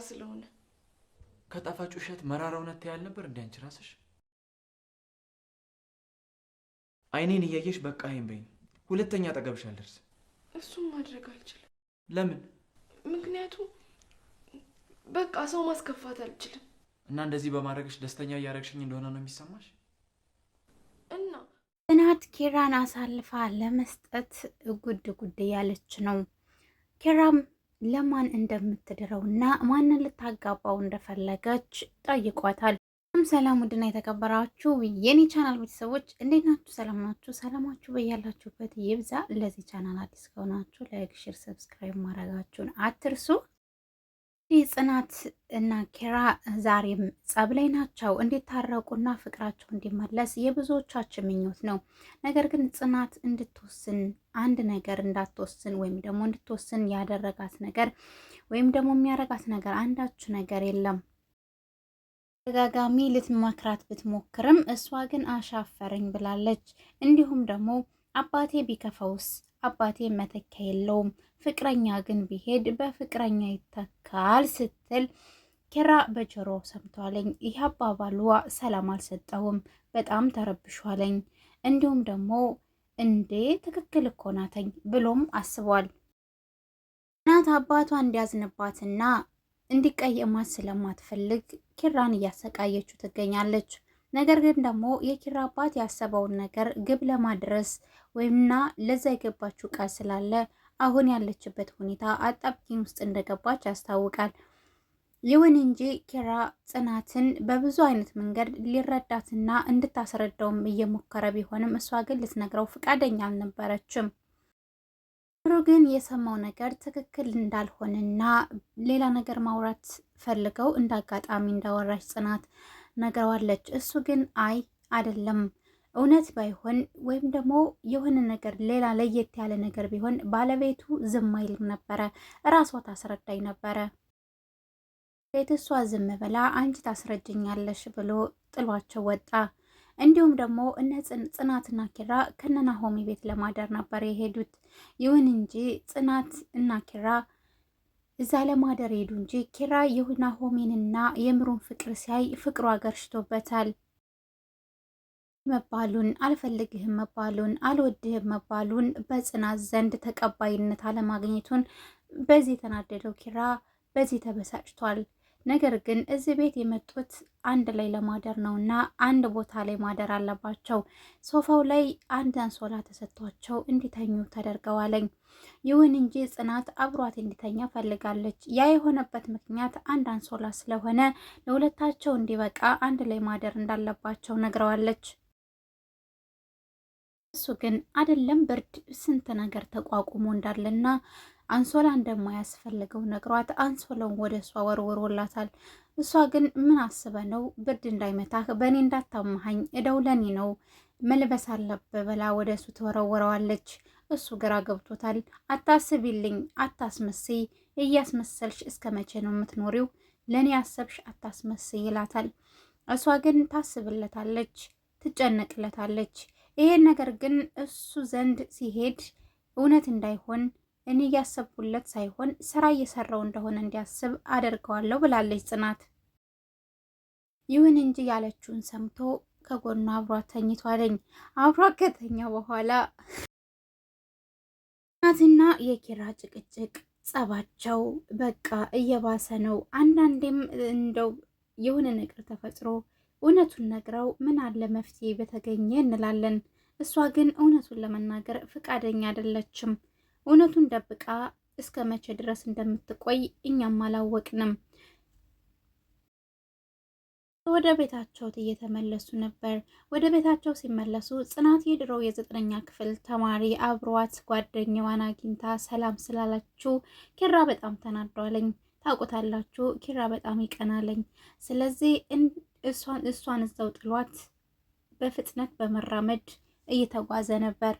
መራር ስለሆነ ከጣፋጭ ውሸት መራራ እውነት ያህል ነበር። እንደ አንቺ ራስሽ አይኔን እያየሽ በቃ ይሄን በይኝ። ሁለተኛ አጠገብሽ አልደርስ እሱም ማድረግ አልችልም። ለምን? ምክንያቱም በቃ ሰው ማስከፋት አልችልም። እና እንደዚህ በማድረግሽ ደስተኛ እያደረግሽኝ እንደሆነ ነው የሚሰማሽ? እና ጽናት ኪራን አሳልፋ ለመስጠት ጉድ ጉድ እያለች ነው ኪራም ለማን እንደምትድረው እና ማንን ልታጋባው እንደፈለገች ጠይቋታል። ሰላም ውድና የተከበራችሁ የኔ ቻናል ቤተሰቦች እንዴት ናችሁ? ሰላም ናችሁ? ሰላማችሁ በያላችሁበት ይብዛ። ለዚህ ቻናል አዲስ ከሆናችሁ ላይክ፣ ሼር፣ ሰብስክራይብ ማድረጋችሁን አትርሱ። እንግዲህ ጽናት እና ኪራ ዛሬም ጸብ ላይ ናቸው። እንዲታረቁና ፍቅራቸው እንዲመለስ የብዙዎቻችን ምኞት ነው። ነገር ግን ጽናት እንድትወስን አንድ ነገር እንዳትወስን ወይም ደግሞ እንድትወስን ያደረጋት ነገር ወይም ደግሞ የሚያረጋት ነገር አንዳች ነገር የለም። ተደጋጋሚ ልትመክራት ብትሞክርም እሷ ግን አሻፈረኝ ብላለች። እንዲሁም ደግሞ አባቴ ቢከፈውስ አባቴ መተኪያ የለውም፣ ፍቅረኛ ግን ቢሄድ በፍቅረኛ ይተካል ስትል ኪራ በጆሮ ሰምቷለኝ። ይህ አባባሏ ሰላም አልሰጠውም፣ በጣም ተረብሿለኝ። እንዲሁም ደግሞ እንዴ ትክክል እኮ ናተኝ ብሎም አስቧል። እናት አባቷ እንዲያዝንባትና እንዲቀየማት ስለማትፈልግ ኪራን እያሰቃየችው ትገኛለች። ነገር ግን ደግሞ የኪራ አባት ያሰበውን ነገር ግብ ለማድረስ ወይምና ለዛ የገባችው ቃል ስላለ አሁን ያለችበት ሁኔታ አጣብቂኝ ውስጥ እንደገባች ያስታውቃል። ይሁን እንጂ ኪራ ጽናትን በብዙ አይነት መንገድ ሊረዳትና እንድታስረዳውም እየሞከረ ቢሆንም እሷ ግን ልትነግረው ፈቃደኛ አልነበረችም። ሩ ግን የሰማው ነገር ትክክል እንዳልሆነና ሌላ ነገር ማውራት ፈልገው እንዳጋጣሚ እንዳወራች ጽናት ነግረዋለች። እሱ ግን አይ አይደለም እውነት ባይሆን ወይም ደግሞ የሆነ ነገር ሌላ ለየት ያለ ነገር ቢሆን ባለቤቱ ዝም አይልም ነበረ። እራሷ ታስረዳኝ ነበረ። ቤት እሷ ዝም ብላ አንቺ ታስረጅኛለሽ ብሎ ጥሏቸው ወጣ። እንዲሁም ደግሞ እነ ጽናትና ኪራ ከነና ሆሚ ቤት ለማደር ነበር የሄዱት። ይሁን እንጂ ጽናት እና ኪራ እዛ ለማደር ሄዱ እንጂ ኪራ ሆሚንና የምሩን ፍቅር ሲያይ ፍቅሩ አገርሽቶበታል። መባሉን አልፈልግህም መባሉን አልወድህም መባሉን በጽናት ዘንድ ተቀባይነት አለማግኘቱን በዚህ የተናደደው ኪራ በዚህ ተበሳጭቷል። ነገር ግን እዚህ ቤት የመጡት አንድ ላይ ለማደር ነው እና አንድ ቦታ ላይ ማደር አለባቸው። ሶፋው ላይ አንድ አንሶላ ተሰጥቷቸው እንዲተኙ ተደርገዋለኝ። ይሁን እንጂ ጽናት አብሯት እንዲተኛ ፈልጋለች። ያ የሆነበት ምክንያት አንድ አንሶላ ስለሆነ ለሁለታቸው እንዲበቃ አንድ ላይ ማደር እንዳለባቸው ነግረዋለች። እሱ ግን አይደለም ብርድ ስንት ነገር ተቋቁሞ እንዳለና አንሶላ እንደማያስፈልገው ነግሯት አንሶላውን ወደ እሷ ወርውሮላታል። እሷ ግን ምን አስበ ነው ብርድ እንዳይመታህ በእኔ እንዳታመሃኝ እደው ለኔ ነው መልበስ አለብህ ብላ ወደ እሱ ትወረወረዋለች። እሱ ግራ ገብቶታል። አታስቢልኝ፣ አታስመስይ፣ እያስመሰልሽ እስከ መቼ ነው የምትኖሪው? ለእኔ ያሰብሽ አታስመስይ ይላታል። እሷ ግን ታስብለታለች፣ ትጨነቅለታለች። ይሄን ነገር ግን እሱ ዘንድ ሲሄድ እውነት እንዳይሆን እኔ እያሰብኩለት ሳይሆን ስራ እየሰራው እንደሆነ እንዲያስብ አደርገዋለሁ ብላለች ጽናት። ይሁን እንጂ ያለችውን ሰምቶ ከጎኗ አብሯ ተኝቶ አብሯ ከተኛ በኋላ ጽናትና የኪራ ጭቅጭቅ ጸባቸው በቃ እየባሰ ነው። አንዳንዴም እንደው የሆነ ነገር ተፈጥሮ እውነቱን ነግረው ምን አለ መፍትሄ በተገኘ እንላለን። እሷ ግን እውነቱን ለመናገር ፍቃደኛ አይደለችም። እውነቱን ደብቃ እስከ መቼ ድረስ እንደምትቆይ እኛም አላወቅንም። ወደ ቤታቸው እየተመለሱ ነበር። ወደ ቤታቸው ሲመለሱ ጽናት የድሮው የዘጠነኛ ክፍል ተማሪ አብሯት ጓደኛዋን አግኝታ ሰላም ስላላችሁ ኪራ በጣም ተናዷለኝ። ታውቁታላችሁ። ኪራ በጣም ይቀናለኝ። ስለዚህ እሷን እሷን እዛው ጥሏት በፍጥነት በመራመድ እየተጓዘ ነበር።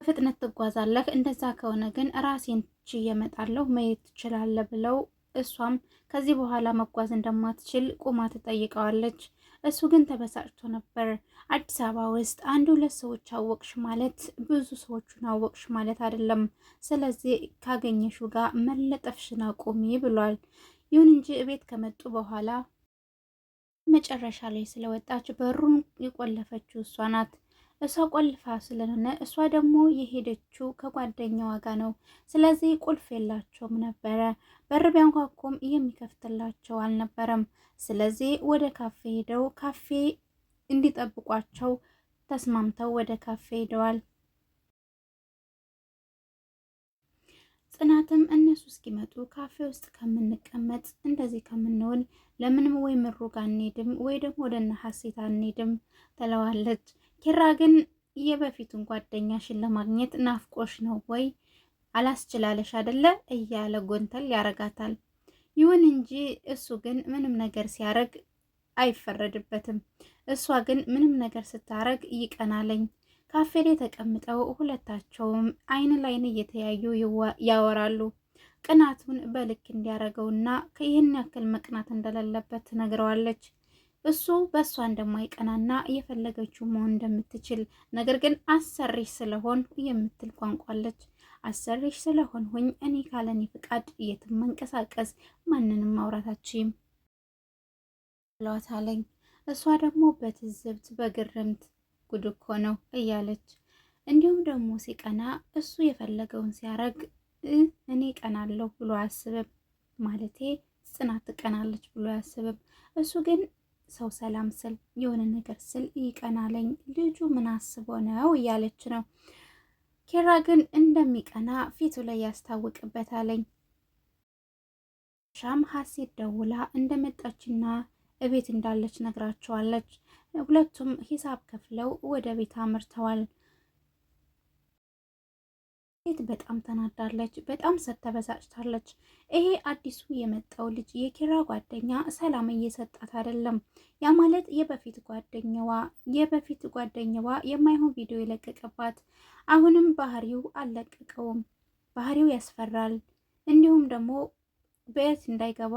በፍጥነት ትጓዛለህ፣ እንደዛ ከሆነ ግን ራሴን ችዬ እየመጣለሁ መሄድ ትችላለህ ብለው እሷም ከዚህ በኋላ መጓዝ እንደማትችል ቁማ ትጠይቀዋለች። እሱ ግን ተበሳጭቶ ነበር። አዲስ አበባ ውስጥ አንድ ሁለት ሰዎች አወቅሽ ማለት ብዙ ሰዎቹን አወቅሽ ማለት አይደለም። ስለዚህ ካገኘሹ ጋር መለጠፍሽን አቁሚ ብሏል። ይሁን እንጂ እቤት ከመጡ በኋላ መጨረሻ ላይ ስለወጣች በሩን የቆለፈችው እሷ ናት። እሷ ቆልፋ ስለሆነ እሷ ደግሞ የሄደችው ከጓደኛዋ ጋር ነው። ስለዚህ ቁልፍ የላቸውም ነበረ። በር ቢያንኳኩም የሚከፍትላቸው አልነበረም። ስለዚህ ወደ ካፌ ሄደው ካፌ እንዲጠብቋቸው ተስማምተው ወደ ካፌ ሄደዋል። ጽናትም እነሱ እስኪመጡ ካፌ ውስጥ ከምንቀመጥ እንደዚህ ከምንውል ለምንም ወይ ምሩ ጋር ወይ ደግሞ ወደ እነ ሀሴት አንሄድም ትለዋለች። ኪራ ግን የበፊቱን ጓደኛሽን ለማግኘት ናፍቆሽ ነው ወይ አላስችላለሽ አደለ እያለ ጎንተል ያረጋታል። ይሁን እንጂ እሱ ግን ምንም ነገር ሲያረግ አይፈረድበትም። እሷ ግን ምንም ነገር ስታረግ ይቀናለኝ። ካፌ ላይ ተቀምጠው ሁለታቸውም አይን ላይን እየተያዩ ያወራሉ። ቅናቱን በልክ እንዲያረገውና ከይህን ያክል መቅናት እንደሌለበት ትነግረዋለች። እሱ በእሷ እንደማይቀናና እየፈለገችው መሆን እንደምትችል ነገር ግን አሰሪሽ ስለሆን የምትል ቋንቋለች። አሰሪሽ ስለሆንሁኝ እኔ ካለኔ ፍቃድ የትም መንቀሳቀስ ማንንም ማውራታችም ብለዋታለኝ። እሷ ደግሞ በትዝብት በግርምት ጉድ እኮ ነው እያለች እንዲሁም ደግሞ ሲቀና እሱ የፈለገውን ሲያረግ እኔ ቀናለሁ ብሎ አያስብም። ማለቴ ጽናት ትቀናለች ብሎ አያስብም። እሱ ግን ሰው ሰላም ስል የሆነ ነገር ስል ይቀናለኝ ልጁ ምን አስቦ ነው እያለች ነው። ኪራ ግን እንደሚቀና ፊቱ ላይ ያስታውቅበታለኝ። ሻም ሀሴት ደውላ እንደመጣችና እቤት እንዳለች ነግራቸዋለች። ሁለቱም ሂሳብ ከፍለው ወደ ቤት አምርተዋል። ሴት በጣም ተናዳለች፣ በጣም ተበሳጭታለች። ይሄ አዲሱ የመጣው ልጅ የኪራ ጓደኛ ሰላም እየሰጣት አይደለም። ያ ማለት የበፊት ጓደኛዋ የበፊት ጓደኛዋ የማይሆን ቪዲዮ የለቀቀባት አሁንም ባህሪው አልለቀቀውም። ባህሪው ያስፈራል። እንዲሁም ደግሞ በየት እንዳይገባ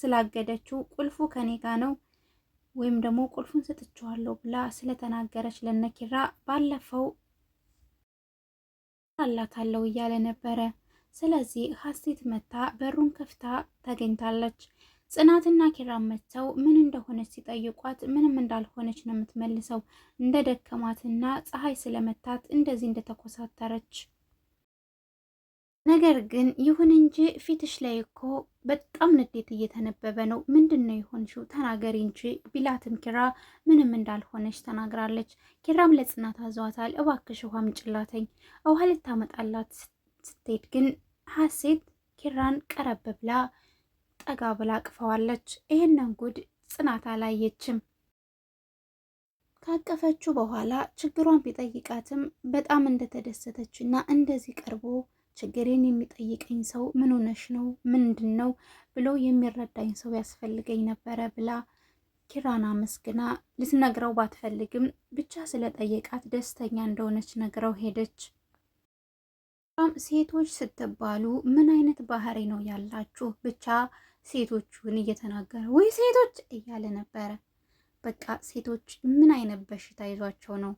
ስላገደችው ቁልፉ ከኔ ጋ ነው ወይም ደግሞ ቁልፉን ሰጥቼዋለሁ ብላ ስለተናገረች ለነኪራ ባለፈው አላታለሁ እያለ ነበረ። ስለዚህ ሀሴት መታ በሩን ከፍታ ተገኝታለች። ጽናትና ኪራም መጥተው ምን እንደሆነች ሲጠይቋት ምንም እንዳልሆነች ነው የምትመልሰው። እንደ ደከማትና ፀሐይ ስለመታት እንደዚህ እንደተኮሳተረች ነገር ግን ይሁን እንጂ ፊትሽ ላይ እኮ በጣም ንዴት እየተነበበ ነው። ምንድን ነው የሆንሽው? ተናገሪ እንጂ ቢላትም ኪራ ምንም እንዳልሆነች ተናግራለች። ኪራም ለጽናት አዘዋታል። እባክሽ ውሃ ምጭላተኝ። ውሃ ልታመጣላት ስትሄድ ግን ሀሴት ኪራን ቀረብ ብላ ጠጋ ብላ አቅፈዋለች። ይህንን ጉድ ጽናት አላየችም። ካቀፈችው በኋላ ችግሯን ቢጠይቃትም በጣም እንደተደሰተች እና እንደዚህ ቀርቦ ችግሬን የሚጠይቀኝ ሰው ምን ሆነሽ ነው ምንድን ነው ብሎ የሚረዳኝ ሰው ያስፈልገኝ ነበረ ብላ ኪራን አመስግና ልትነግረው ባትፈልግም ብቻ ስለጠየቃት ደስተኛ እንደሆነች ነግረው ሄደች። ሴቶች ስትባሉ ምን አይነት ባህሪ ነው ያላችሁ? ብቻ ሴቶቹን እየተናገረ ወይ ሴቶች እያለ ነበረ። በቃ ሴቶች ምን አይነት በሽታ ይዟቸው ነው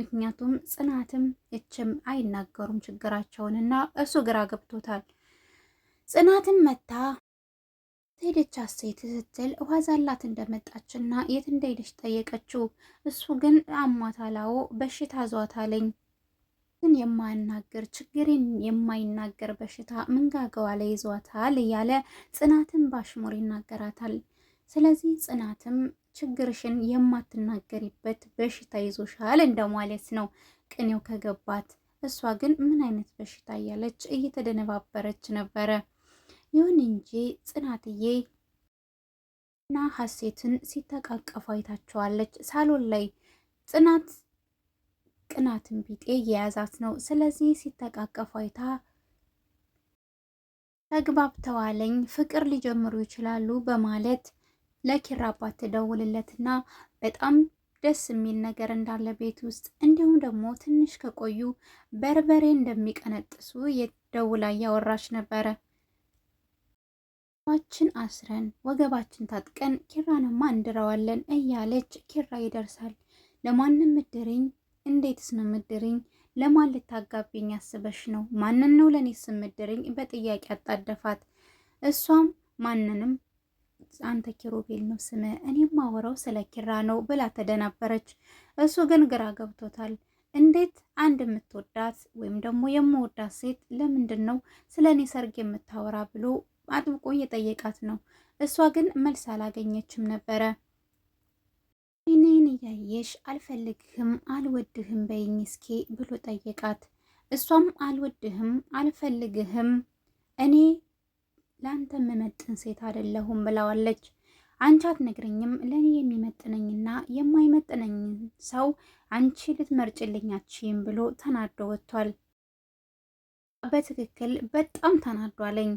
ምክንያቱም ጽናትም እችም አይናገሩም ችግራቸውንና እሱ ግራ ገብቶታል። ጽናትም መታ ሄደች አሴት ስትል ዋዛላት እንደመጣችና የት እንደሄደች ጠየቀችው። እሱ ግን አሟታላው በሽታ ዟታለኝ ግን የማናገር ችግሬን የማይናገር በሽታ ምንጋገዋ ላይ ይዟታል እያለ ጽናትን ባሽሙር ይናገራታል። ስለዚህ ጽናትም ችግርሽን የማትናገሪበት በሽታ ይዞሻል እንደማለት ነው ቅኔው ከገባት። እሷ ግን ምን አይነት በሽታ እያለች እየተደነባበረች ነበረ። ይሁን እንጂ ጽናትዬ እና ሀሴትን ሲተቃቀፉ አይታቸዋለች ሳሎን ላይ ጽናት ቅናትን ቢጤ የያዛት ነው። ስለዚህ ሲተቃቀፉ አይታ ተግባብተዋለኝ ፍቅር ሊጀምሩ ይችላሉ በማለት ለኪራ አባት ትደውልለትና በጣም ደስ የሚል ነገር እንዳለ ቤት ውስጥ እንዲሁም ደግሞ ትንሽ ከቆዩ በርበሬ እንደሚቀነጥሱ የደውላ እያወራች ነበረ። ወገባችን አስረን ወገባችን ታጥቀን ኪራንማ እንድረዋለን እያለች ኪራ ይደርሳል። ለማንም ምድርኝ፣ እንዴትስ ነው ምድርኝ? ለማን ልታጋቢኝ አስበሽ ነው? ማንን ነው ለእኔ ስምድርኝ? በጥያቄ አጣደፋት። እሷም ማንንም አንተ ኪሩቤል ነው ስም እኔ ማወራው ስለ ኪራ ነው ብላ ተደናበረች። እሱ ግን ግራ ገብቶታል። እንዴት አንድ የምትወዳት ወይም ደግሞ የምወዳት ሴት ለምንድን ነው ስለ እኔ ሰርግ የምታወራ ብሎ አጥብቆ እየጠየቃት ነው። እሷ ግን መልስ አላገኘችም ነበረ። እኔን እያየሽ አልፈልግህም፣ አልወድህም በይኝ እስኪ ብሎ ጠየቃት። እሷም አልወድህም፣ አልፈልግህም እኔ ለአንተ የምመጥን ሴት አይደለሁም ብለዋለች። አንቺ አትነግረኝም ለእኔ የሚመጥነኝና የማይመጥነኝ ሰው አንቺ ልትመርጭልኝ አትችይም ብሎ ተናዶ ወጥቷል። በትክክል በጣም ተናዷለኝ።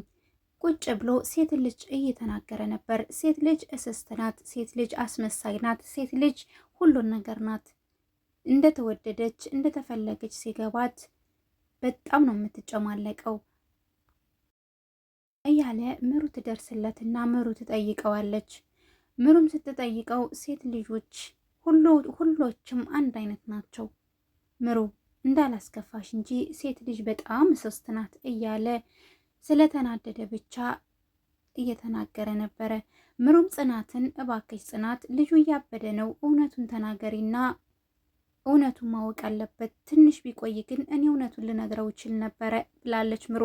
ቁጭ ብሎ ሴት ልጅ እየተናገረ ነበር። ሴት ልጅ እስስት ናት፣ ሴት ልጅ አስመሳይ ናት፣ ሴት ልጅ ሁሉን ነገር ናት። እንደተወደደች እንደተፈለገች ሲገባት በጣም ነው የምትጨማለቀው። እያለ ምሩ ትደርስለትና ምሩ ትጠይቀዋለች። ምሩም ስትጠይቀው ሴት ልጆች ሁሎችም አንድ አይነት ናቸው፣ ምሩ እንዳላስከፋሽ እንጂ ሴት ልጅ በጣም ሶስት ናት እያለ ስለተናደደ ብቻ እየተናገረ ነበረ። ምሩም ጽናትን እባክሽ ጽናት ልጁ እያበደ ነው፣ እውነቱን ተናገሪና እውነቱን ማወቅ አለበት። ትንሽ ቢቆይ ግን እኔ እውነቱን ልነግረው ይችል ነበረ ብላለች ምሩ።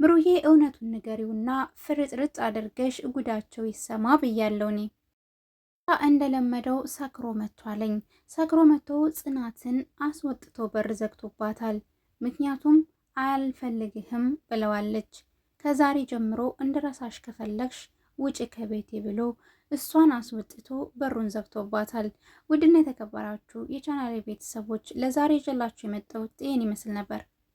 ምሩዬ እውነቱን ንገሪውና ፍርጥርጥ አድርገሽ ጉዳቸው ይሰማ ብያለው እኔ እንደለመደው ሰክሮ መቷለኝ። ሰክሮ መጥቶ ጽናትን አስወጥቶ በር ዘግቶባታል። ምክንያቱም አልፈልግህም ብለዋለች። ከዛሬ ጀምሮ እንድረሳሽ ከፈለግሽ ውጭ ከቤቴ ብሎ እሷን አስወጥቶ በሩን ዘግቶባታል። ውድና የተከበራችሁ የቻናሌ ቤተሰቦች ለዛሬ ይዤላችሁ የመጣሁት ይህን ይመስል ነበር።